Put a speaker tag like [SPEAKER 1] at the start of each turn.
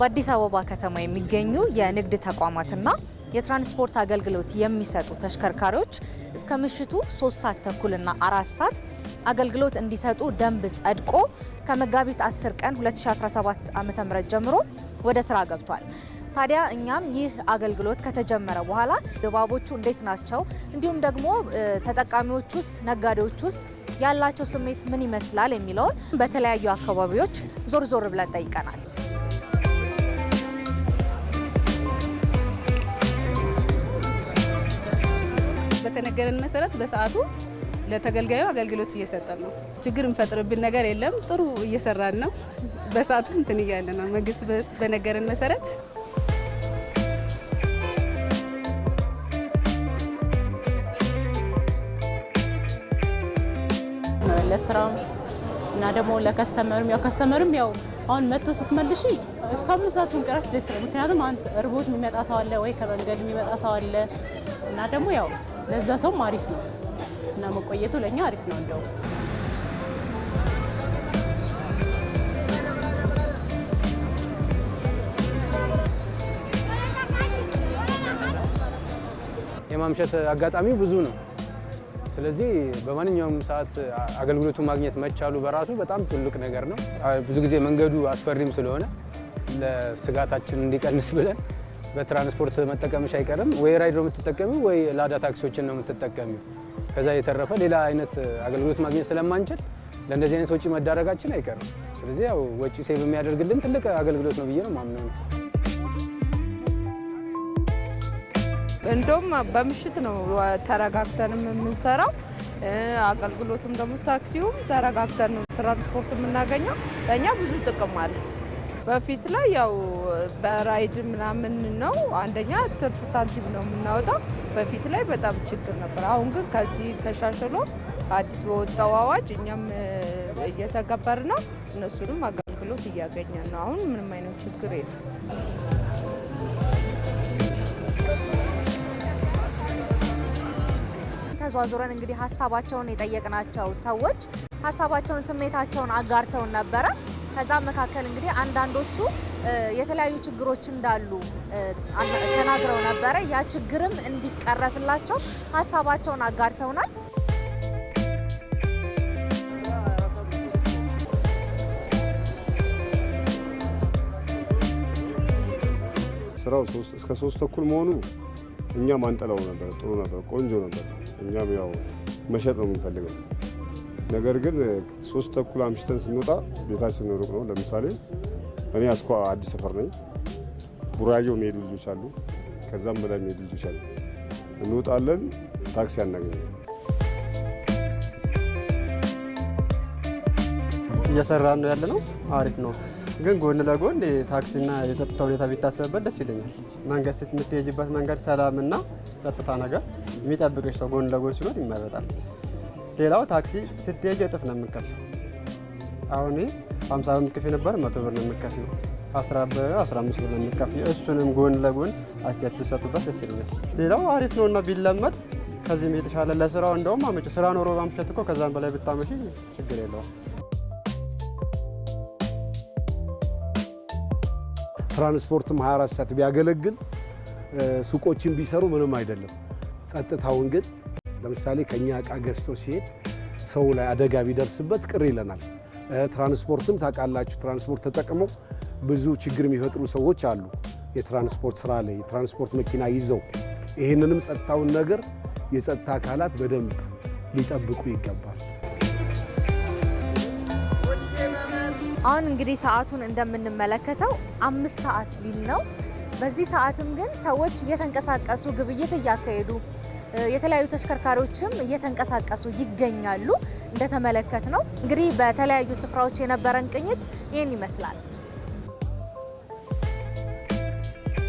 [SPEAKER 1] በአዲስ አበባ ከተማ የሚገኙ የንግድ ተቋማትና የትራንስፖርት አገልግሎት የሚሰጡ ተሽከርካሪዎች እስከ ምሽቱ ሶስት ሰዓት ተኩልና አራት ሰዓት አገልግሎት እንዲሰጡ ደንብ ጸድቆ ከመጋቢት 10 ቀን 2017 ዓ.ም ጀምሮ ወደ ስራ ገብቷል። ታዲያ እኛም ይህ አገልግሎት ከተጀመረ በኋላ ድባቦቹ እንዴት ናቸው፣ እንዲሁም ደግሞ ተጠቃሚዎች ውስጥ ነጋዴዎች ውስጥ ያላቸው ስሜት ምን ይመስላል የሚለውን በተለያዩ አካባቢዎች ዞር ዞር ብለን ጠይቀናል።
[SPEAKER 2] በተነገረን መሰረት በሰዓቱ ለተገልጋዩ አገልግሎት እየሰጠን ነው። ችግር እንፈጥርብን ነገር የለም። ጥሩ እየሰራን ነው። በሰዓቱ እንትን እያለ ነው መንግስት በነገረን መሰረት
[SPEAKER 3] ለስራም እና ደግሞ ለከስተመርም ያው ከስተመርም ያው አሁን መጥቶ ስትመልሽ እስከ አምስት ሰዓት ምንቀራሽ ደስ ይላል። ምክንያቱም አንድ እርቦት የሚመጣ ሰው አለ ወይ ከመንገድ የሚመጣ ሰው አለ እና ደግሞ ያው ለዛ ሰውም አሪፍ ነው እና መቆየቱ ለእኛ አሪፍ ነው እንደውም
[SPEAKER 4] የማምሸት አጋጣሚው ብዙ ነው። ስለዚህ በማንኛውም ሰዓት አገልግሎቱ ማግኘት መቻሉ በራሱ በጣም ትልቅ ነገር ነው። ብዙ ጊዜ መንገዱ አስፈሪም ስለሆነ ለስጋታችን እንዲቀንስ ብለን በትራንስፖርት መጠቀምሽ አይቀርም። ወይ ራይድ ነው የምትጠቀሚው ወይ ላዳ ታክሲዎችን ነው የምትጠቀሚው። ከዛ የተረፈ ሌላ አይነት አገልግሎት ማግኘት ስለማንችል ለእንደዚህ አይነት ወጪ መዳረጋችን አይቀርም። ስለዚህ ያው ወጪ ሴቭ የሚያደርግልን ትልቅ አገልግሎት ነው ብዬ ነው ማምነው።
[SPEAKER 5] እንደውም በምሽት ነው ተረጋግተንም የምንሰራው። አገልግሎቱም ደግሞ ታክሲውም ተረጋግተን ትራንስፖርት የምናገኘው። ለእኛ ብዙ ጥቅም አለ። በፊት ላይ ያው በራይድ ምናምን ነው አንደኛ ትርፍ ሳንቲም ነው የምናወጣው። በፊት ላይ በጣም ችግር ነበር። አሁን ግን ከዚህ ተሻሽሎ አዲስ በወጣው አዋጅ እኛም እየተገበር ነው፣ እነሱንም አገልግሎት እያገኘ ነው። አሁን ምንም አይነት ችግር የለም።
[SPEAKER 1] ተዟዙረን እንግዲህ ሀሳባቸውን የጠየቅናቸው ሰዎች ሀሳባቸውን፣ ስሜታቸውን አጋርተውን ነበረ። ከዛ መካከል እንግዲህ አንዳንዶቹ የተለያዩ ችግሮች እንዳሉ ተናግረው ነበረ። ያ ችግርም እንዲቀረፍላቸው ሀሳባቸውን አጋርተውናል።
[SPEAKER 6] ስራው እስከ ሶስት ተኩል መሆኑ እኛም አንጠላው ነበር። ጥሩ ነበር፣ ቆንጆ ነበር። እኛም ያው መሸጥ ነው የምንፈልገው ነገር ግን ሶስት ተኩል አምሽተን ስንወጣ ቤታችን ሩቅ ነው። ለምሳሌ እኔ አስኳ አዲስ ሰፈር ነኝ። ቡራየው የሚሄዱ ልጆች አሉ፣ ከዛም በላይ የሚሄዱ ልጆች አሉ። እንወጣለን፣ ታክሲ አናገኝ።
[SPEAKER 7] እየሰራን ነው ያለ ነው። አሪፍ ነው ግን ጎን ለጎን ታክሲና የጸጥታ ሁኔታ ቢታሰብበት ደስ ይለኛል። መንገድ የምትሄጅበት መንገድ ሰላምና ጸጥታ ነገር የሚጠብቅሽ ሰው ጎን ለጎን ሲሆን ይመረጣል። ሌላው ታክሲ ስትሄጅ እጥፍ ነው የምንከፍለው። አሁን ሀምሳ ብር የምትከፍይ ነበር መቶ ብር ነው የምትከፍይው። አስራ አምስት ብር ነው የምትከፍይው። እሱንም ጎን ለጎን አስተያየት ብትሰጡበት ደስ ይለኛል። ሌላው አሪፍ ነው እና ቢለመድ ከዚህም የተሻለ ለስራው እንደውም አመጪ ስራ ኖሮ ማምሸት እኮ ከዛም በላይ ብታመሺ ችግር የለውም።
[SPEAKER 8] ትራንስፖርትም 24 ሰዓት ቢያገለግል ሱቆችን ቢሰሩ ምንም አይደለም። ጸጥታውን ግን ለምሳሌ ከእኛ እቃ ገዝቶ ሲሄድ ሰው ላይ አደጋ ቢደርስበት ቅር ይለናል። ትራንስፖርትም ታውቃላችሁ፣ ትራንስፖርት ተጠቅመው ብዙ ችግር የሚፈጥሩ ሰዎች አሉ። የትራንስፖርት ስራ ላይ የትራንስፖርት መኪና ይዘው ይህንንም ጸጥታውን ነገር የጸጥታ አካላት በደንብ ሊጠብቁ ይገባል።
[SPEAKER 1] አሁን እንግዲህ ሰዓቱን እንደምንመለከተው አምስት ሰዓት ሊል ነው። በዚህ ሰዓትም ግን ሰዎች እየተንቀሳቀሱ ግብይት እያካሄዱ የተለያዩ ተሽከርካሪዎችም እየተንቀሳቀሱ ይገኛሉ። እንደተመለከት ነው እንግዲህ በተለያዩ ስፍራዎች የነበረን ቅኝት ይህን ይመስላል።